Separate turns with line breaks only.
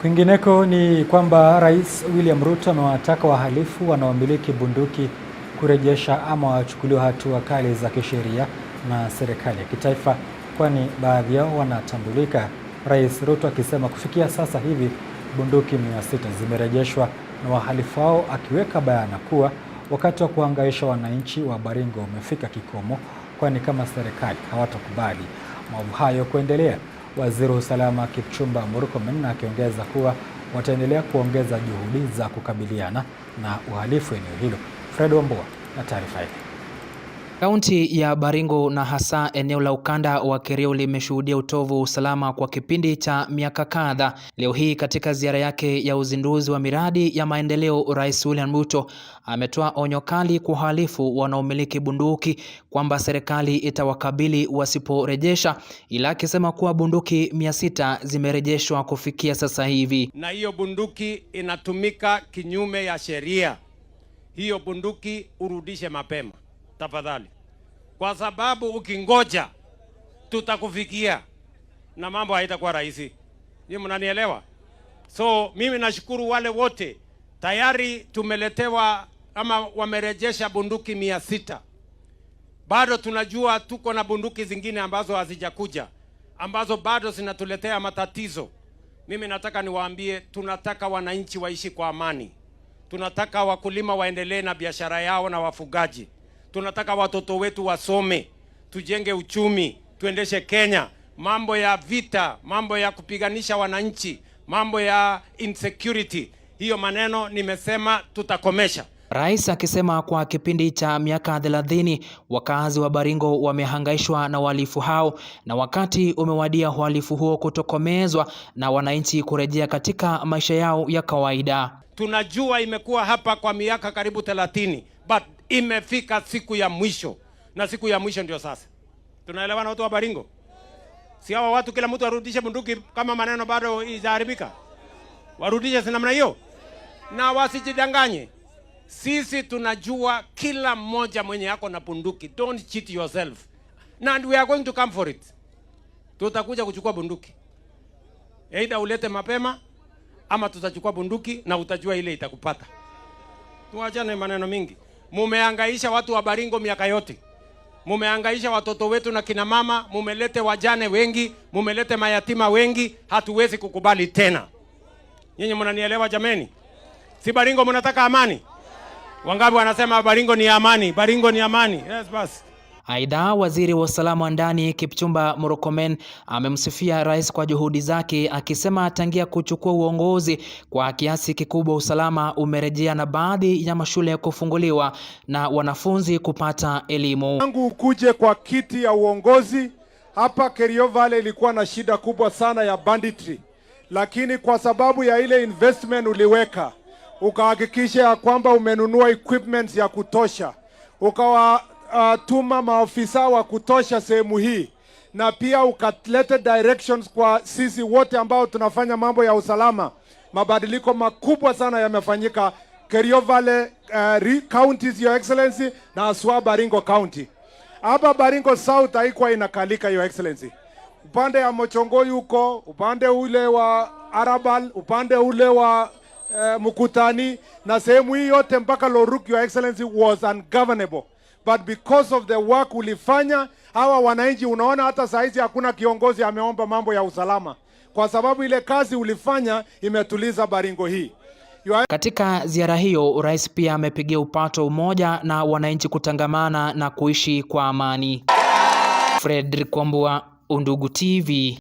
Kwingineko ni kwamba Rais William Ruto amewataka wahalifu wanaomiliki bunduki kurejesha ama wachukuliwa hatua kali za kisheria na serikali ya kitaifa, kwani baadhi yao wanatambulika. Rais Ruto akisema kufikia sasa hivi bunduki mia sita zimerejeshwa na wahalifu hao, akiweka bayana kuwa wakati wa kuhangaisha wananchi wa Baringo umefika kikomo, kwani kama serikali hawatakubali maovu hayo kuendelea. Waziri wa usalama Kipchumba Murkomen akiongeza kuwa wataendelea kuongeza juhudi za kukabiliana na uhalifu eneo hilo. Fred Wambua na taarifa hii.
Kaunti ya Baringo na hasa eneo la ukanda wa Kerio limeshuhudia utovu wa usalama kwa kipindi cha miaka kadhaa. Leo hii katika ziara yake ya uzinduzi wa miradi ya maendeleo, Rais William Ruto ametoa onyo kali kwa wahalifu wanaomiliki bunduki kwamba serikali itawakabili wasiporejesha, ila akisema kuwa bunduki mia sita zimerejeshwa kufikia sasa hivi,
na hiyo bunduki inatumika kinyume ya sheria. Hiyo bunduki urudishe mapema tafadhali kwa sababu ukingoja tutakufikia na mambo haitakuwa rahisi. Ni mnanielewa? So mimi nashukuru wale wote tayari tumeletewa ama wamerejesha bunduki mia sita. Bado tunajua tuko na bunduki zingine ambazo hazijakuja ambazo bado zinatuletea matatizo. Mimi nataka niwaambie, tunataka wananchi waishi kwa amani, tunataka wakulima waendelee na biashara yao na wafugaji Tunataka watoto wetu wasome, tujenge uchumi, tuendeshe Kenya. Mambo ya vita, mambo ya kupiganisha wananchi, mambo ya insecurity, hiyo maneno nimesema tutakomesha.
Rais akisema kwa kipindi cha miaka 30 wakazi wa Baringo wamehangaishwa na uhalifu hao, na wakati umewadia uhalifu huo kutokomezwa na wananchi kurejea katika maisha yao ya kawaida.
Tunajua imekuwa hapa kwa miaka karibu 30 but imefika siku ya mwisho, na siku ya mwisho ndio sasa. Tunaelewana watu wa Baringo? Si hawa watu kila mtu arudishe bunduki kama maneno bado izaharibika, warudishe si namna hiyo, na wasijidanganye. Sisi tunajua kila mmoja mwenye yako na bunduki, don't cheat yourself and we are going to come for it. Tutakuja kuchukua bunduki, aidha ulete mapema ama tutachukua bunduki na utajua ile itakupata. Tuachane maneno mingi mumeangaisha watu wa Baringo miaka yote, mumeangaisha watoto wetu na kina mama, mumelete wajane wengi, mumelete mayatima wengi. Hatuwezi kukubali tena. Nyinyi mnanielewa jameni? Si Baringo mnataka amani? Wangapi wanasema Baringo ni amani? Baringo ni amani. Yes, basi
Aidha, waziri wa usalama wa ndani Kipchumba Murkomen amemsifia rais kwa juhudi zake, akisema tangia kuchukua uongozi kwa kiasi kikubwa usalama umerejea na baadhi ya mashule kufunguliwa na wanafunzi kupata elimu.
Tangu ukuje kwa kiti ya uongozi hapa Kerio Valley ilikuwa na shida kubwa sana ya banditry, lakini kwa sababu ya ile investment uliweka ukahakikisha ya kwamba umenunua equipments ya kutosha ukawa uh, tuma maafisa wa kutosha sehemu hii na pia ukalete directions kwa sisi wote ambao tunafanya mambo ya usalama. Mabadiliko makubwa sana yamefanyika Kerio Valley uh, counties, Your Excellency, na aswa Baringo County. Hapa Baringo South haikuwa inakalika, Your Excellency. Upande ya Mochongo yuko upande ule wa Arabal, upande ule wa uh, Mkutani na sehemu hii yote mpaka Loruk, Your Excellency, was ungovernable but because of the work ulifanya hawa wananchi, unaona hata saa hizi hakuna kiongozi ameomba mambo ya usalama, kwa sababu ile kazi ulifanya imetuliza Baringo hii.
Katika ziara hiyo, rais pia amepigia upato umoja na wananchi kutangamana na kuishi kwa amani. Fredrick Kwambua, Undugu TV.